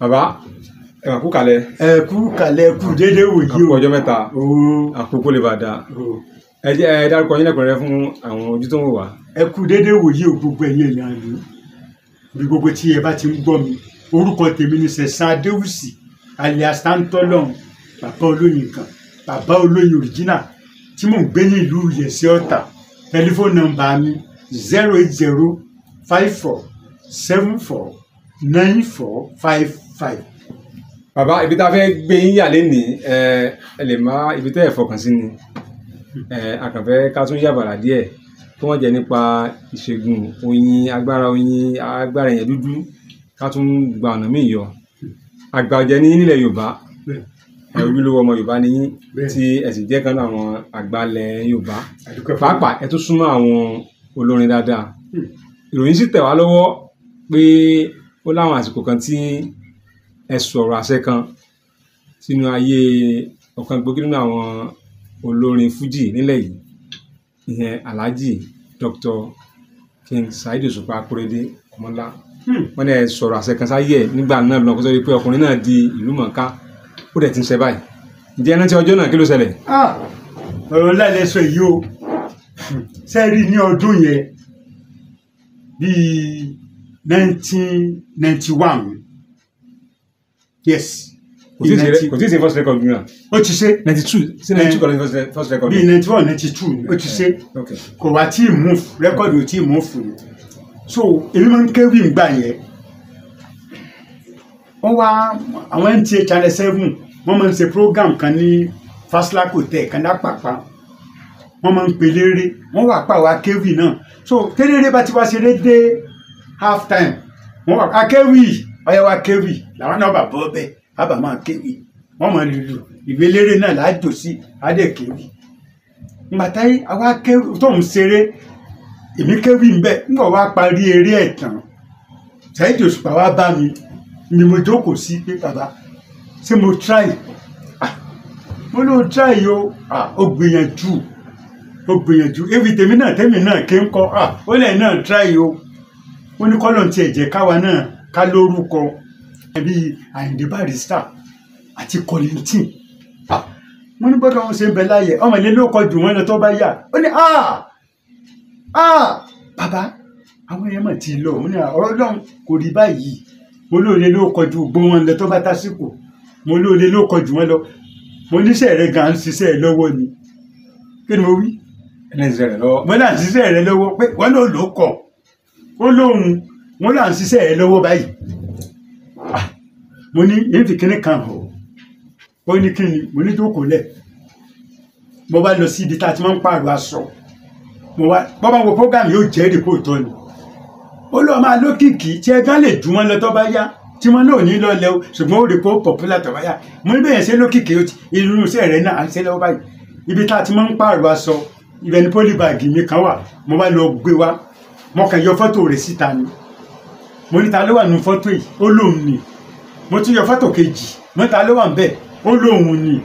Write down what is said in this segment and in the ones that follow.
bàbá ẹ mà kú kalẹ̀. ẹ kú kalẹ̀ kú dédé wòye o. àpò ọjọ́ mẹ́ta àkókò lè bá a da ẹ jẹ́ ẹ dárúkọ yín lẹ́kùnrẹ́rẹ́ fún àwọn ojú tó ń wò wá. ẹ kú dédé wòye o gbogbo ẹ̀yin èèyàn mi bí gbogbo tí ẹ bá ti ń gbọ́ mi orúkọ tèmi ni sẹ̀sán adéwùsì alias tantolon bàbá olóyin kan bàbá olóyin original tí mò ń gbé ní ìlú yẹ̀sẹ̀ ọ̀tà tẹlifóònù nọ́mbà mi zero eight zero five four seven four nine four five five. bàbá ibi tá a fẹ́ gbé yín yà lẹ́nìí ẹ ẹ lè má ibi tẹ́ ẹ̀ fọkàn sí ni ẹ àkànfẹ́ ká tún yàbàrà díẹ̀ tó wọ́n jẹ́ nípa ìṣègùn oyin agbára oyin agbára yẹn dúdú ká tún gba ọ̀nà míì yọ àgbàjẹ ní nílẹ̀ yorùbá ojúlówó ọmọ yorùbá ni yín tí ẹ sì jẹ́ kan náà àwọn àgbàlẹ̀ yorùbá pàápàá ẹ tún súnmọ́ àwọn olórin dáadáa hmm. ìròyìn sì tẹ̀ wá lọ́wọ́ pé ó láwọn àsìkò kan tí ẹ sọ̀rọ̀ àṣẹ kan sínú ayé ọ̀kan gbòógì nínú àwọn olórin fújì nílẹ̀ yìí ìyẹn alhaji dr king saheed òṣùpá akóredé ọmọlá hmm. wọn ní ẹ sọ̀rọ̀ àṣẹ kan sáyé ẹ̀ nígbà náà lọ kó sọ pé ọkùnrin náà di ìlú mọ̀ọ́ká ó dẹ̀ ti ń ṣe báyìí ǹjẹ́ ẹ rántí ọjọ́ náà kí ló ṣẹlẹ̀. Ah! ọ̀rọ̀ ńlá ilẹ̀ o sẹ́ẹ̀rì ní ọdún yẹn bíi nineteen ninety one yes kò tí ì ṣe first record náà. ó ti ṣe. ninety two ṣe ninety two kọ́ ló first record. bíi ninety one ninety two ó ti ṣe kò wá tí ì move record ò tí ì move ni so èmi máa ń kéwì ń gbà yẹn wọ́n wá àwọn nta channel seven wọ́n máa ń ṣe program kan ní Fásilakò tẹ̀ kandapapa wọ́n máa ń pè léré wọ́n wà pa àwọn akéwì náà so tẹ́lẹ̀rẹ́ bá ti wá ṣeré dé half time wọ́n wà akéwì ọyẹ wa kéwì làwọn náà bàbá ọbẹ bàbá máa kéwì wọn mọ lulu ìwé eléré náà láàjò sí adé kéwì ngbàtà yìí àwa kéwì tóun ṣeré èmi kéwì ń bẹ ńgbà wa parí eré ẹ̀ tán Saheed Òṣùpá wa bá mi ni mo jókòó sí pé bàbá ṣé mo try mo ló try o ó gbìyànjú ó gbìyànjú ebi tèmi náà tèmi náà ké ń kọ́ ó lẹ́yìn náà try o ó ní kọ́lọ̀ tiẹ̀ jẹ́ káwa náà ká lórúkọ ẹbí Àyìndé Barrister àti Kollington wọ́n ní bọ́dọ̀ wọn ṣe ń bẹ láàyè ọmọ ilé ló kọ jù wọ́n lọ tó bá yà ó ní ah! Ah! bàbá àwọn èèyàn mà ti lọ òun ní ọ̀rọ̀ Ọlọ́run kò rí báyìí mo lóore ló kọ ju gbogbo wọn lọ tó bá tásìkò mo lóore ló kọ jù wọ́n lọ mo níṣẹ́ rẹ gan-an ń ni kí ni mo wí. ẹni ṣiṣẹ́ rẹ lọ́wọ́. náà ṣiṣẹ́ rẹ lọ́wọ́ pé wọ́n ló lò ó kọ̀ lóhun wọ́n là ń ṣiṣẹ́ ẹ lọ́wọ́ báyìí ah, mo ní èyí fi kíní kan hàn ó ní kí ni mo ní tó kò lẹ̀ mo bá lọ sí ibi tá a ti máa ń pààrọ̀ aṣọ mo wá bọ́bá wo program yóò jẹ́ èdè kó tọ́ ni ó lọ́ọ́ máa lókìkí tí ẹ gán lè dùn wọ́n lọ tó bá yá tí wọ́n náà ní lọ́lẹ̀ o ṣùgbọ́n ó rí pé ó popular tó bá yá mo ní bẹ́ẹ̀ ṣe lókìkí irú iṣẹ́ rẹ̀ náà à ń báyìí ibi tá a ti máa ń pààrọ̀ aṣọ ibẹ̀ ni pólíbàgì mi kan wà mo bá lọ gbé wa mo kàn yọ fọ́tò rẹ̀ síta ni mo ní ta ló wà nínú fọ́tò yìí ó lóun ni mo tún yọ fọ́tò kejì mo ní ta ló wà ń bẹ̀ ó lóun ni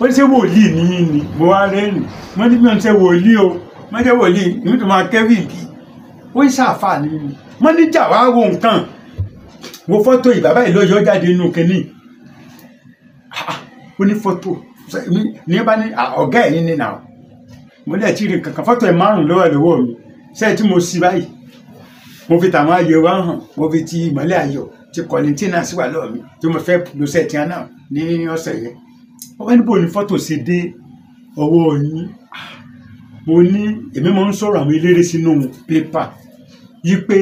ó ní ṣé wòlíì ní yín ni mo wá rẹ́rìn mo ní bí wọ́n wòlíì o mo ní ṣe wòlíì ìlú tó máa kẹ́rì bí ó ń ṣàfà ní mi mo ní jà wá wo nǹkan wo fọ́tò yìí bàbá yìí ló yọ jáde nínú kínní ó ní fọ́tò ní bá ní ọ̀gá ẹ̀yìn ni nà mo lẹ́ẹ̀ tí ì rí kankan fọ́tò ẹ̀ márùn-ún lọ́wọ́ lọ́wọ́ mi ṣé tí mo sì báyìí mo fi tàwọn ayò wa hàn mo fi ti ìmọ́lẹ̀ ayọ̀ ti kọ̀lẹ́ntì náà sí wà lọ́ọ̀ mi tí mo fẹ́ lọ́sẹ̀ tí a ní ọ̀sẹ̀ yẹn wọ́n níbo ni fọ́tò ṣe dé ọwọ́ yín mo ní èmi máa ń sọ̀rọ̀ àwọn eléré sínú pépà yí pé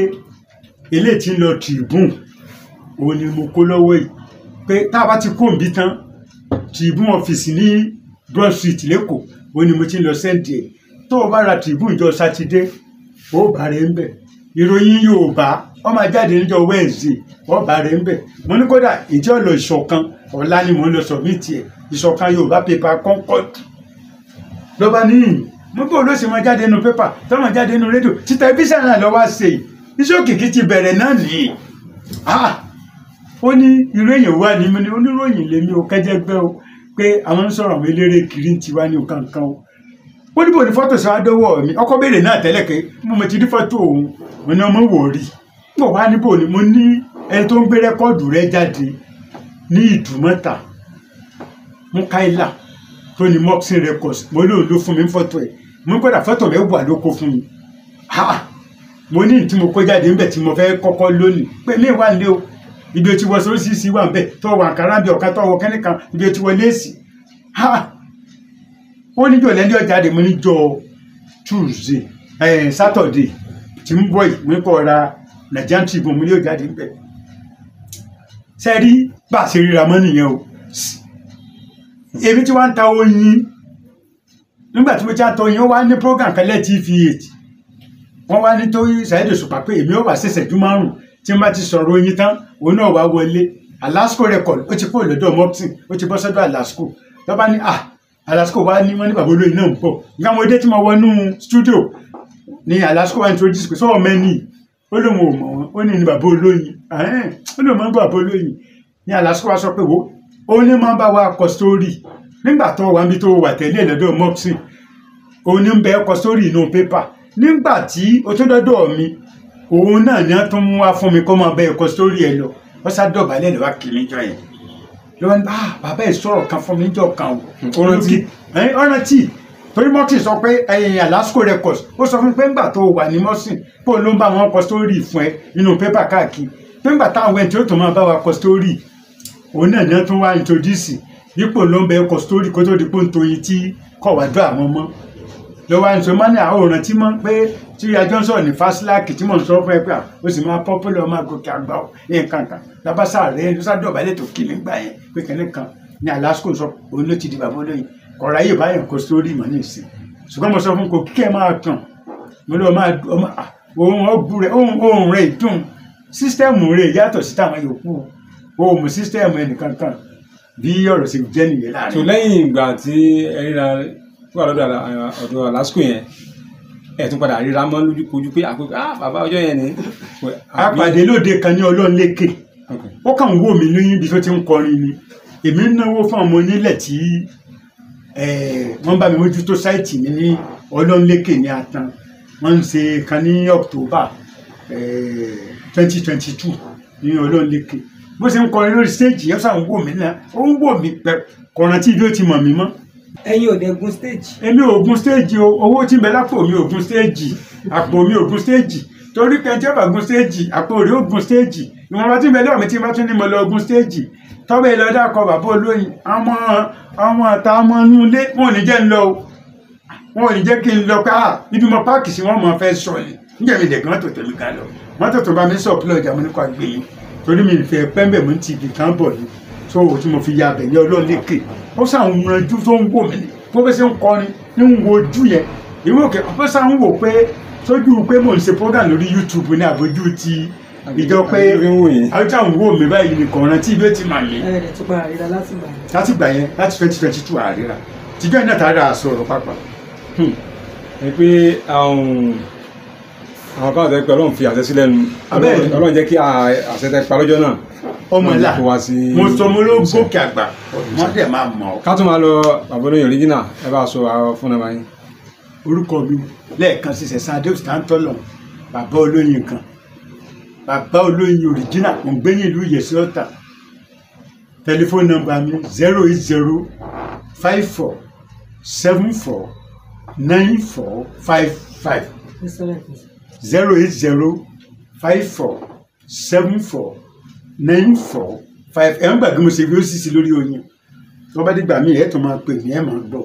eléyìí ti ń lọ tìrìbùn òun ni mo kó lọ́wọ́ yìí pé tá a bá ti kóńbí tán tìrìbùn ọ̀fíìsì ní broad street lẹ́kọ̀ọ́ òun ni mo ti ń lọ sẹ́ǹdì ẹ̀ tó o bá ra tìrìbùn ìjọ sátidé ó bàárẹ̀ ń bẹ̀ ìròyìn yorùbá wọ́n máa jáde níjọ́ wẹ́ẹ̀sì wọ́n bá rẹ̀ ń bẹ̀ mo ní kódà ìjẹ́ ọ̀lọ́ ìṣọ̀kan ọ̀la ni mo ń lọ sọ̀mìtì ẹ̀ ìṣọ̀kan yorùbá pépà concord lọ́ba níyìn mo bó ló ṣe máa jáde nínú pépà tó máa jáde nínú rédíò tí tẹlifíṣàn náà lọ́wọ́ ṣe iṣẹ́ òkìkí ti bẹ̀rẹ̀ náà nìyí ah! ó ní irú èèyàn wà ní mo ní oníròyìn lèmi ò kẹ́jẹ́ gbẹ́ o pé àwọn sọ̀rọ̀ àwọn eléré kiri ti wá ní nǹkan kan o ó níbo ni fọ́tò sọ adọ́wọ́ mi ọkọ béèrè náà tẹ́lẹ̀ pé mo mọ̀ ti rí fọ́tò òun mo ní ọmọ wò rí mo wá níbo ni mo ní ẹni tó ń gbé rẹ́kọ́ọ̀dù rẹ jáde ní ìdùmọ̀tà mukaila tó ní moxin records mo ní òun ló fún mi fọ́tò ẹ̀ mo ní kódà fọ́tò rẹ wà lóko fún mi ha mo ní tí mo kó jáde níbẹ̀ tí mo fẹ́ kọ́kọ́ lónìí pé mi wà nílé o ibi tí wọ́n sọ oríṣiríṣi wà níbẹ̀ tó wà kárà bí ọ̀ká tó wọ kẹ́nìkan ha ó níjọ́ lẹ́ni ọjà dè mo níjọ́ tuesday ẹ̀ saturday tí ń bọ̀ yìí kọ́ ra nigerian tribune mo ní ọjà dè ń bẹ̀ bá a ṣe ríra mọ́ nìyẹn o èmi tí wọ́n ń ta oyin nígbà tí mo ti àtọ yẹn wá ní program kan tvh wọ́n wá nítorí ṣàyẹ̀dẹ̀ ṣùpà pé èmi ò wá ṣẹ̀ṣẹ̀ ju márùn tí n bá ti sọ̀rọ̀ oyin tán òun náà wá wọlé alasco record ó ti kó lọ́dọ̀ moptin ó ti bọ́ sọ́dọ̀ alasco lọ́ba ní ah Alasco wa ní wọ́n ní bàbá olóyè náà ń pọ̀ nǹkan mo dé tí mo wọnú studio ní Alasco wa introduce pé sọ́wọ́ mẹ́ni ó lóun ò mọ̀ wọ́n ó ní ní bàbá olóyè ó lóun máa ń bàbá olóyè ní Alasco wa sọ pé wo ó ní máa ń bá wa kọ story nígbà tó wà níbi tó wà tẹ́lẹ̀ lọ́dọ̀ moxie ó ní ń bẹ kọ story inú pépà nígbà tí ó tó dọ́dọ̀ mi òun náà ni wọ́n tún wá fún mi kó máa bẹ kọ story ẹ lọ wọ́n sá dọ̀bálẹ̀ lọ́wọ́ kìíní jọ yẹn ló ń bá bàbá ẹ̀ sọ̀rọ̀ kan fún mi jọ kan o ọ̀rántí hmm, ọ̀rántí torí mọ́tì sọ pé ẹ̀yìn Alasco Records ó sọ fún pé ńgbà tó wà ní mọ́sìn pé òun ló ń bá wọn kọ sítórì fún ẹ nínú pépà káàkiri pé ńgbà táwọn ẹni tí ó tó máa bá wa kọ sítórì òun náà ni wọ́n tún wá introduce ipò ló ń bẹ kọ sítórì kó tó di pé ń toyin tí àwọn mọ́ ló wá ń sọ mọ́nì àwòrán tí mọ́ pé tí ajọ́ ń sọ̀rọ̀ ní fásilák tí mò ń sọ̀rọ̀ fún ẹ pé ó sì máa pọ́pọ́lọ́ máa gòkè àgbà nǹkan kan labasa rẹ lọ́sàdọ̀bálẹ̀ tó kì mí gbà yẹn pé kẹ́ni kan ní alasko sọ òun ló ti di bàbá olóyìn kọ̀ọ̀rọ̀ ayé báyọ̀ kò sórí mọ́ ní ìsìn ṣùgbọ́n mo sọ fún kò kíkẹ́ máa kàn mo lọ máa ah, ohun ọgbù rẹ ohun ohun rẹ dùn sísítẹ́ẹ̀mù rẹ yàtọ̀ sí táwọn yòókù ohun sísítẹ́ẹ̀mù ẹnìkankan bí ọ̀rọ̀ ṣe jẹ́ nìyẹn láàrin. tó lẹ́yìn ìgbà tí ẹ ríra wà lọ́dọ̀ ọ̀dọ̀ lásìkò yẹn ẹ̀ tún padà ríra mọ́ lójú kojú pé àpò ah bàbá ọjọ́ yẹn ni. àpàdé lóde kan ní ọlọ́ọ̀lẹ́kè ó kàn ń wò mí lóyún ibi tó ti ń kọrin mi èmi ń náwó fún ọmọ onílẹ̀ tí wọ́n bá mi mójútó sáìtì mi ní ọlọ́ọ̀lẹ́kè ní atan wọ́n ń ṣe kan ní October twenty twenty two ní ọlọ́ọ̀lẹ́kè bó ṣe ń kọrin lórí stéèjì yẹn sàn ń wò mí náà ó ń wò mí pẹ kọ̀ọ̀rántì bí ó ti mọ̀ mí mọ́ ẹ̀yin ò dẹ̀ gun stage. èmi ò stage o owó tí ń bẹ lápò mi ò gun stage àpò mi ò gun stage torí pé tí ó bá gun stage àpò rẹ̀ ó gun stage ìwọ̀n bá tún bẹ lọ́wọ́ mi tí n bá tún ní mo lọ gun stage tọ́bẹ̀ lọ dákọ̀ bàbá olóyin ọmọ ọmọ ta ọmọ inú ilé wọn ò ní jẹ́ ń lọ o wọn ò ní jẹ́ kí n lọ ká níbi mo páàkì sí wọn mọ fẹ́ sọ ni níjẹ́ mi dẹ̀ gan tòtò mi ká lọ mọ́tò tó bá mi sọ pílọ̀ ìjà mo ní kó a gbé yín torí mi ìfẹ́ so o tí mo fi ya abẹ ní ọlọ́run lékè ó sàn ranjú tó ń wò mí ni bó bẹ́ẹ̀ ṣe ń kọ́ ni ń wo ojú yẹn ìwé òkè ó ń wò pé sójú pé mò ń ṣe program lórí YouTube ní àbójú ti ìjọ pé àwùjọ àwọn wò mí báyìí nìkan rántí ìlú ti màlẹ. ẹ ẹ tó gba àríra láti gbà yẹn. láti gbà yẹn láti twenty twenty two àríra tìjọ́ iná tààrà sọ̀rọ̀ pàápàá. Hmm. ẹ pé àwọn um, àwọn kan àti ẹgbẹ́ ọlọ́run fi àṣẹ sílẹ̀ nu ọlọ́run jẹ́ kí àṣẹ tẹ pa lọ́jọ́ náà ọmọlá mo sọ mo ló gòkè àgbà wọn dẹ̀ máa mọ̀ ọ́. ká tún máa lọ bàbá olóyè original ẹ bá a sọ àwọn fún ẹ báyìí. orúkọ mi lẹ́ẹ̀kan sí sẹ̀sán adéhùn tàǹtọ́lọ̀ bàbá olóyè kan bàbá olóyè original mo ń gbé ní ìlú yẹsí ọ̀tà tẹlifóònù nọ́mbà mi zero eight zero five four seven four nine four five five zero eight zero five four seven four nine four five ẹ̀ ń gbàgbé mo ṣe bí ó sì sí lórí oyin tó bá dìgbà míì ẹ̀ tó máa pè mí ẹ̀ máa gbọ́.